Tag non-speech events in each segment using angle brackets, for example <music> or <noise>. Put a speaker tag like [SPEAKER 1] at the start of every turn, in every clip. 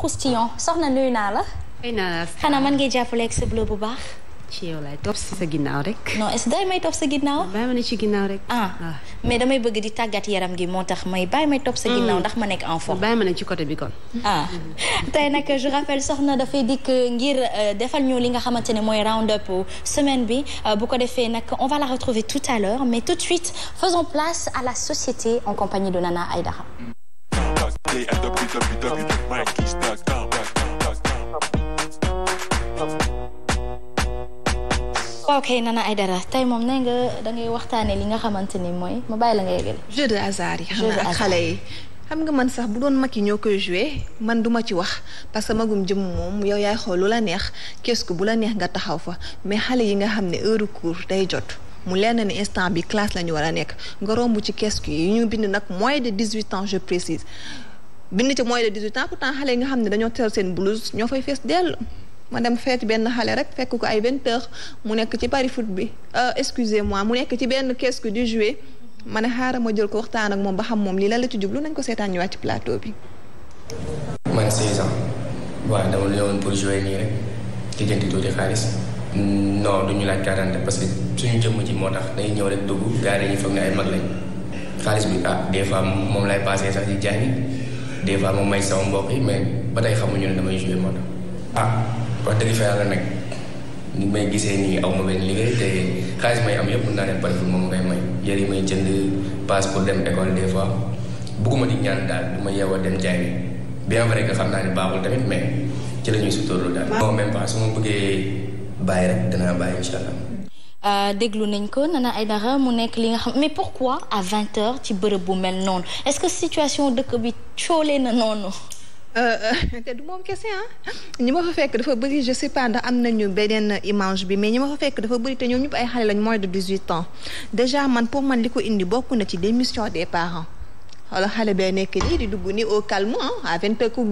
[SPEAKER 1] croustillon soxna nuyu naa la. nuyu naa la xanaa mën ngay jàppale ak sa bleu bu baax. ci yow laay topp si sa ginnaaw rek. non est-ce que day may topp sa ginnaaw. bàyyi ma ne ci ginnaaw rek. ah mais damay bëgg di tàggat yaram gi moo tax may bàyyi may topp sa ginnaaw ndax ma nekk en forme. bàyyi ma ne ci côté bi kon. ah tey nag je rappelle soxna dafay dikk ngir defal ñu li nga xamante ne mooy round up semaine bi bu ko defee nag on va la retrouver tout à l'heure mais tout de suite faisons place à la société en compagnie de Nana Aïdara.
[SPEAKER 2] www.mikeys.com.
[SPEAKER 1] waaw kay Nana Aidara tey moom nee nga da waxtaanee li nga xamante ni mooy ma bàyyi la nga yegale.
[SPEAKER 3] jeu de de hasard xale yi. xam nga man sax bu doon mag yi ñoo koy joué man duma ci wax parce que magum jëm moom yow yaay xool lu la neex kees ko bu la neex nga taxaw fa mais xale yi nga xam ne heure cours day jot. mu lenn na ne instant bi classe la ñu war a nekk nga romb ci kees yi ñu bind nag moins de dix-huit ans je précise. bind ci mooy de 18 ans pourtant xale yi nga xam ne dañoo teel seen blouse ñoo fay fees dell ma dem feeti benn xale rek fekk ko ay vingt heures mu nekk ci pari foot bi euh, excusez moi mu nekk ci benn kiosque du jouet ma ne xaaral ma jël ko waxtaan ak moom ba xam moom lii lan la ci jublu nañ ko seetaan ñu wàcc plateau bi.
[SPEAKER 2] man 16 ans waaw dama ñëwoon pour jouer nii rek di jënd tuuti xaalis non duñu laaj parce que suñu jëmm ji moo tax ñëw rek dugg gars yi dañuy foog ne ay mag lañ xaalis bi ah des moom lay passé sax di jaay des fois moom may sama mbokk yi mais ba tey xamuñu ne damay joué moo tax. ah wax dëgg fa yàlla nag ni may gisee nii aw ma benn liggéey te xaalis may am yëpp mën naa ne par exemple moom ngay may yëri may jënd passe pour dem école des fois bugguma di ñaan daal du ma yeewoo dem jaay bi bien vrai que xam naa ne baaxul tamit mais ci la ñuy suturlu daal. bon même pas su ma bëggee bàyyi rek danaa bàyyi incha allah.
[SPEAKER 1] Euh, déglu nañ ko Nana Aidara mu nekk li nga xam mais pourquoi à vingt ci bërëb bu mel noonu est-ce que situation dëkk bi coolee na noonu.
[SPEAKER 3] Euh, <laughs> te du moom kese ah ñi ma fa fekk dafa bëri je sais pas ndax am nañu beneen image bi mais ñu ma fa fekk dafa bëri te ñoom ñëpp ay xale lañ moins de dix-huit ans déjà man pour man li ko indi bokk na ci démission des parents. wala xale bee nekk nii di dugg nii au calme ah à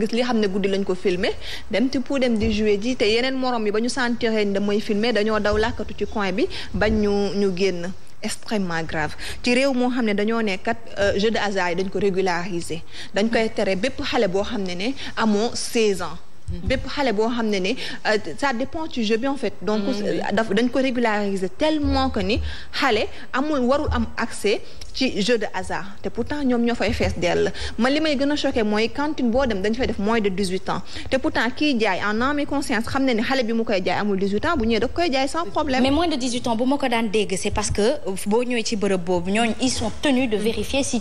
[SPEAKER 3] gis li xam ne guddi lañ ko filmer dem ti pour dem di jouer ji te yeneen morom yi ba ñu sentiree ni damay filmer dañoo daw làkkatu ci coin bi bañ ñu ñu génn extrêmement grave ci réew moo xam ne dañoo nekkat kat euh, jeu de hasard yi dañ ko régulariser dañ koy tere bépp xale boo xam ne ne amoo 16 ans Mm-hmm. bépp xale boo xam ne ni euh, ça dépend du jeu bi en fait. donc mm-hmm. euh, daf dañ ko régulariser tellement que ni xale amul warul am accès ci jeu de hasard te pourtant ñoom ñoo fay fees dell man li may gën a choqué mooy cantine boo dem dañ fay def moins de dix huit ans te pourtant kiy jaay en âme et conscience xam ne ni xale bi mu koy jaay amul dix huit ans bu ñëwee da koy jaay sans problème. mais moins de dix huit ans bu ma ko daan dégg c'est parce que
[SPEAKER 1] boo ñëwee ci bërëb boobu ñooñu ils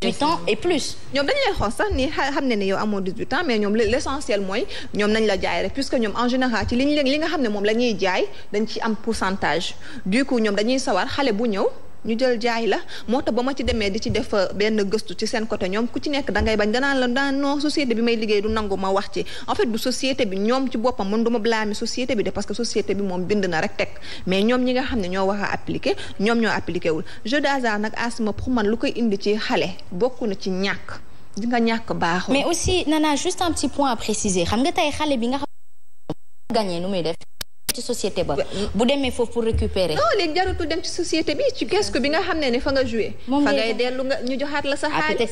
[SPEAKER 3] 18 ans et plus. ñoom dañu lay xool sax ni xam ne ne yow amoo 18 ans mais ñoom l' essentiel mooy ñoom nañ la jaay rek puisque ñoom en général ci li ñu li nga xam ne moom la ñuy jaay dañ ci am pourcentage du coup ñoom dañuy sawar xale bu ñëw. ñu jël jaay la moo tax ba ma ci demee di ci def euh, benn gëstu ci seen côté ñoom ku ci nekk dangay bañ danaan la daan non société bi may liggéey du nangu ma wax ci en fait du société bi ñoom ci boppam mën du ma blâmer société bi de parce que société bi moom bind na rek teg mais ñoom ñi nga xam ne ñoo wax a appliqué ñoom ñoo appliqué wul jeu d'hasard nag asma pour man lu koy indi ci xale bokku na ci ñàkk di nga ñàkk baaxul mais aussi Nana juste un petit point
[SPEAKER 1] à préciser xam nga tey xale bi nga xam gagné nu muy def ci société ba. bu
[SPEAKER 3] demee foofu pour récupérer. non léegi jarutu dem ci société bi ci kees bi nga xam ne ne fa nga joué. dellu nga ñu joxaat la sa ah, xaalis.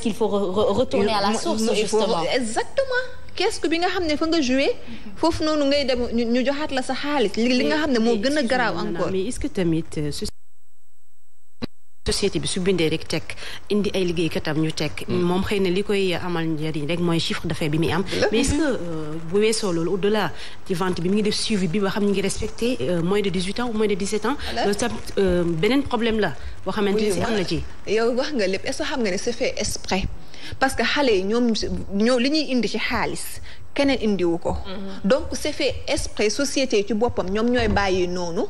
[SPEAKER 3] li nga xam ne moo gën a garaaw encore
[SPEAKER 4] est-ce que tamit. Euh, société bi su bindee rek teg indi ay liggéeykatam ñu teg hmm. moom xëy na li koy amal njëriñ rek mooy chiffre d'affaires bi muy am mais est-ce euh, bu weesoo loolu au delà ci vente bi mi ngi def suivi bi ba xam ñu ngi respecté euh, moins de 18
[SPEAKER 3] ans ou moins de 17 euh, beneen problème la boo xamante ni si na ci yow wax nga lépp est-ce nga ne c'est fait parce que xale yi ñoom ñoo li ñuy indi ci xaalis keneen indiwu ko mm-hmm. donc c'est fait société ci boppam ñoom ñooy bàyyi noonu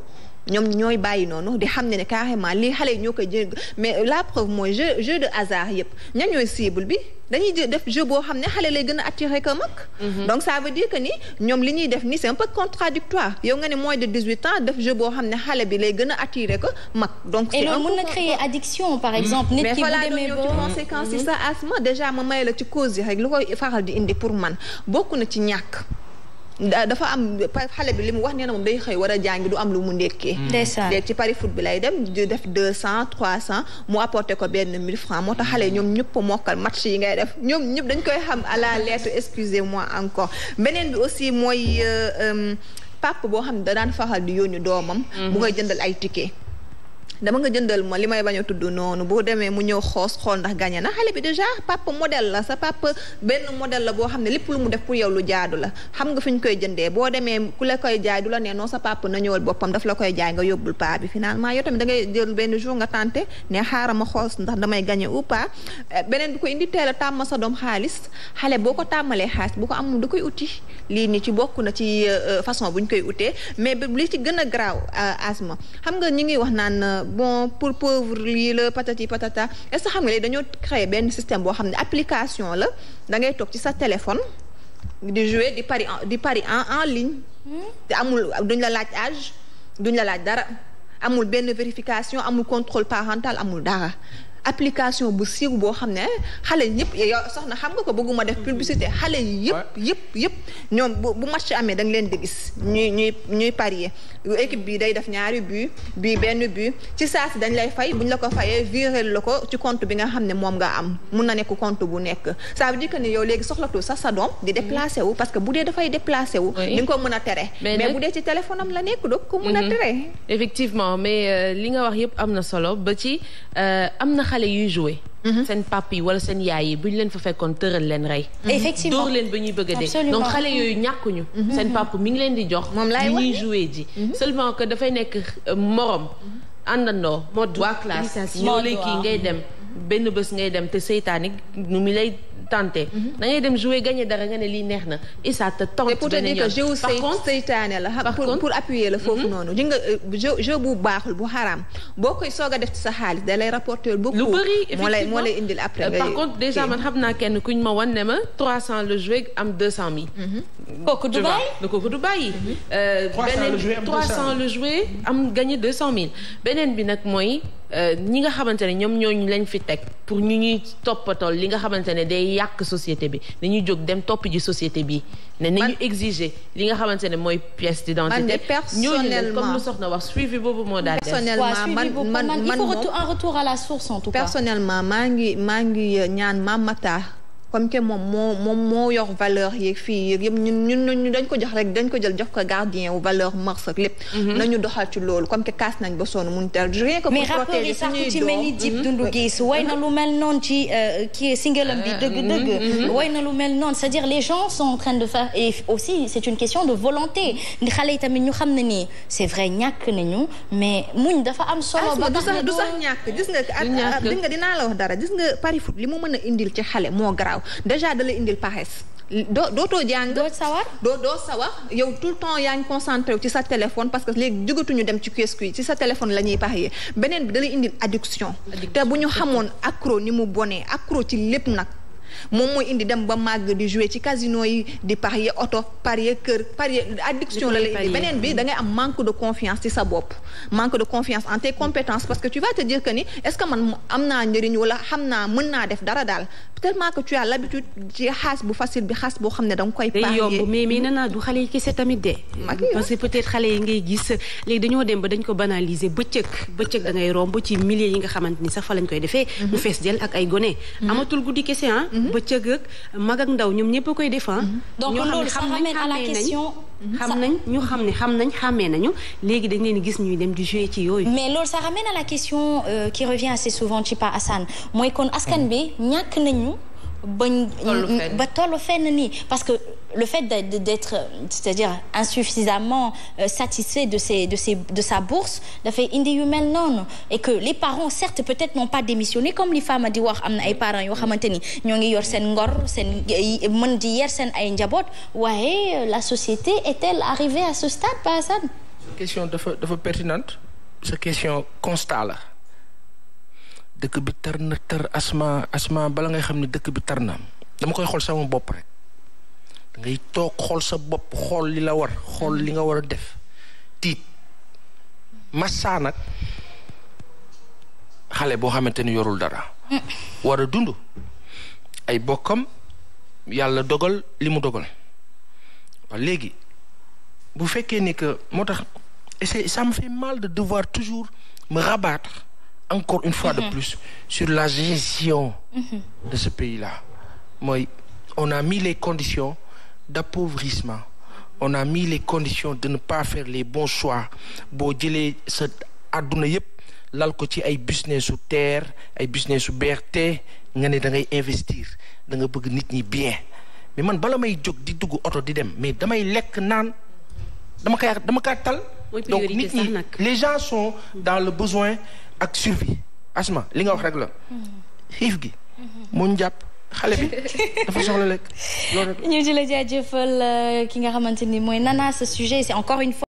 [SPEAKER 3] ñoom ñooy bàyyi noonu di xam ne ne carrément lii xale ñoo koy jënd mais la preuve mooy jeu jeu de hasard yëpp ñan ñooy cible bi dañuy def jeu boo xam ne xale lay gën a attiré que mag mhm. donc ça veut dire que ni ñoom li ñuy def ni c'est un yow ne moins de 18 ans def jeu boo xam ne xale bi lay gën a attiré que mag donc et loolu mën na créer addiction par mhm. exemple nit ki bu demee ba mhm. mais voilà déjà ma may la ci cause yi rek lu koy faral di indi pour man bokk na ci ñàkk dafa am xale bi li mu wax nee na moom day xëy war a jàngi du am lu mu ndékkee mm. léegi ci pari foot dem di def deux cent trois cent mu apporté ko benn mille francs moo tax xale ñoom ñëpp a mokkal match yi ngay def ñoom ñëpp dañ koy xam à la lettre excusez-moi encore beneen bi aussi mooy euh, euh, pap boo xam ne da daan faral di yónni doomam bu mm-hmm. koy jëndal ay ticket dama nga jëndal ma li may bañ a tudd noonu boo demee mu ñëw xoos xool ndax gagné na xale bi déjà papa modèle la sa papa benn modèle la boo xam ne lépp lu mu def pour yow lu jaadu la xam nga fi ñu koy jëndee boo demee ku la koy jaay la nee non sa papa na ñëwal boppam daf la koy jaay nga yóbbul paa bi finalement yow tamit da ngay jël benn jour nga tenté ne xaaral ma xoos ndax damay gagné ou pas eh, beneen bi ko indi teel a tàmm sa doom xaalis xale boo ko tàmmalee xaalis bu ko amul da koy uti lii ni ci bokk na ci euh, euh, façon bu ñu koy utee mais li ci gën a garaaw euh, asma bon pour pauvre lii la patati patata est-ce xam nga léegi dañoo créé benn système boo xam ne application la da ngay toog ci sa téléphone di jouer di pari di pari en en ligne hmm? te amul duñ la laaj âge duñ la laaj dara amul benn vérification amul contrôle parental amul dara application bu siiw boo xam ne xale yëpp yow soxna xam nga ko bëgguma def publicité xale yi yëpp yëpp ñoom bu bu match amee da nga leen di gis ñuy ñuy ñuy parier équipe bi day def ñaari but bii benn but ci saa si lay fay bu la ko fayee viréel la ko ci compte bi nga xam ne moom nga am mun na nekk compte bu nekk ça veut que ne yow léegi soxlatul sax sa doom di déplacé wu parce que bu dee dafay déplacé wu ko mën a tere mais bu dee ci téléphone am la nekk doo ko mën a mhm. tere
[SPEAKER 4] effectivement mais euh, li nga wax yëpp am na solo ba ci euh, am na xale yuy jouer mhm. seen pap yi wala seen yaay yi bu ñu leen fa fekkoon tëral leen rey mhm. effectivement dóor leen ba ñuy bëgg a dee donc xale yooyu ñàkkuñu mhm. seen pap mi ngi leen di jox li ñuy jouer ji seulement que dafay nekk euh, morom àndandoo moo waa classe ñoo lay kii ngay dem benn bés ngay dem te seytaane nu mu lay tenté. Mhm. da dem jouer gagné dara nga ne lii neex na
[SPEAKER 3] Issa te torop pour te dire que jeu seytaane la par contre pour appuyer la foofu mhm. noonu ji nga euh, bu baaxul bu xaraam boo koy soog a def ci sa xaalis da lay rapporter beaucoup lu bëri effectivement moo lay moo lay indil après euh, par
[SPEAKER 4] déjà man xam naa kenn kuñ ma wan ne ma 300 le jouer am 200 000 kooku du ko kooku du bàyyi. 300 le joué am 200 beneen 300 le joué bi nag mooy euh, ñi nga xamante ne ñoom ñooñu lañ fi teg pour ñu ñuy toppatoo li nga xamante ne day yàq société bi dañuy jóg dem topp ji société bi ne nañu exiger li nga xamante ne mooy pièce d'identité. ñooñu comme lu soxna wax suivi boobu moo daal def. personnellement man man man il faut un
[SPEAKER 3] retour à la maa ngi maa ngi euh, ñaan Mame Matar comme que moom moo moom moo yor valeur yeeg fii yëpp ñun ñun dañ ko jox rek dañ ko jël jox ko gardien wu valeur mars ak lépp. Mhm. nañu doxal ci loolu comme que kaas nañ ba sonn mun teel mais rapport sax ci mel ni Dip
[SPEAKER 1] Doundou mhm. Guiss way lu mel noonu ci euh, single ah, mhm,
[SPEAKER 3] am du sax ñàkk gis ah, ah, dinaa la wax dara gis nga pari foot li mu mën a indil ci xale moo garaaw déjà da lay indil paresse. doo dootoo jàng. doo sawar doo doo sawar yow tout le temps yaa ngi concentré wu ci sa téléphone parce que léegi jógatuñu dem ci kiosque yi ci sa téléphone la ñuy parier beneen bi da indil addiction. te bu ñu xamoon accro ni mu bonee accro ci lépp nag. moom mooy indi dem ba màgg di jouer ci casino yi di parier oto parier kër parier addiction la la indi beneen bi da am manque de confiance ci sa bopp manque de confiance en tes parce que tu vas te dire que ni est-ce que man am naa njëriñ wala xam naa naa def dara daal tellement que tu as l'habitude ci xaas bu facile bi xaas boo xam ne da nga koy parier day yomb mais mais nana du xale yi kese tamit de parce que xale yi ngay gis léegi dañoo dem
[SPEAKER 4] ba dañ ko banaliser bëccëg bëccëg da ngay romb ci milieu yi nga xamante ni sax fa lañ koy defee mhm. mu fees del ak ay gone mhm. Mm-hmm. bëccëg ak mag ndaw ñoom ñëpp a koy def ah. mm-hmm. donc loolu ça ramène à la question
[SPEAKER 1] mm-hmm. xam nañ ñu xam ne xam nañ xàmmee nañu léegi dañ leen gis ñuy dem di jouer ci yooyu. mais loolu ça ramène à la question euh, qui revient assez souvent ci Pa Assane mooy kon askan bi ñàkk nañu ba tollu fenn nii parce le fait d'être c'est-à-dire insuffisamment euh, satisfait de ses de ses de sa dafay indi yu mel noonu et que les parents certes peut-être n'ont pas démissionné comme li Fama di wax am na ay parents yoo xamante ni ñoo ngi yor seen ngor seen mën di yer seen ay njaboot waaye euh, la société est-elle arrivée à ce stade Pa Assane
[SPEAKER 2] sa question dafa dafa pertinente sa question constat la dëkk bi tar na tar asma asma bala ngay xam ne dëkk bi tar na dama koy xool sama bopp rek ngay toog xool sa bopp xool li la war xool li nga war a def tiit massa nag xale boo xamante ni yorul dara war a dund ay bokkam yàlla dogal li mu dogal waaw léegi bu fekkee ni que moo tax et ça me fait mal de devoir toujours me rabattre encore une fois de mm-hmm. plus sur la gestion mm -hmm. de ce pays-là mooy on a mis les conditions d'appauvrissement on a mis les conditions de ne pas faire les bons choix boo jëlee sa àdduna yëpp lal ko ci ay business su terre ay business su BRT nga ne da ngay investir danga bëgg nit ñi bien mais man bala may jóg di dugg oto di dem mais damay lekk naan dama kay dama kaa tal donc nit ñi les gens dans le besoin ak survie asma li nga wax rek la mm-hmm. xiif gi moo ñu xale bi dafa soxla lekk. loolu
[SPEAKER 1] ñu di la jaajëfal euh, ki nga xamante ni mooy Nana ce sujet c'est encore une fois.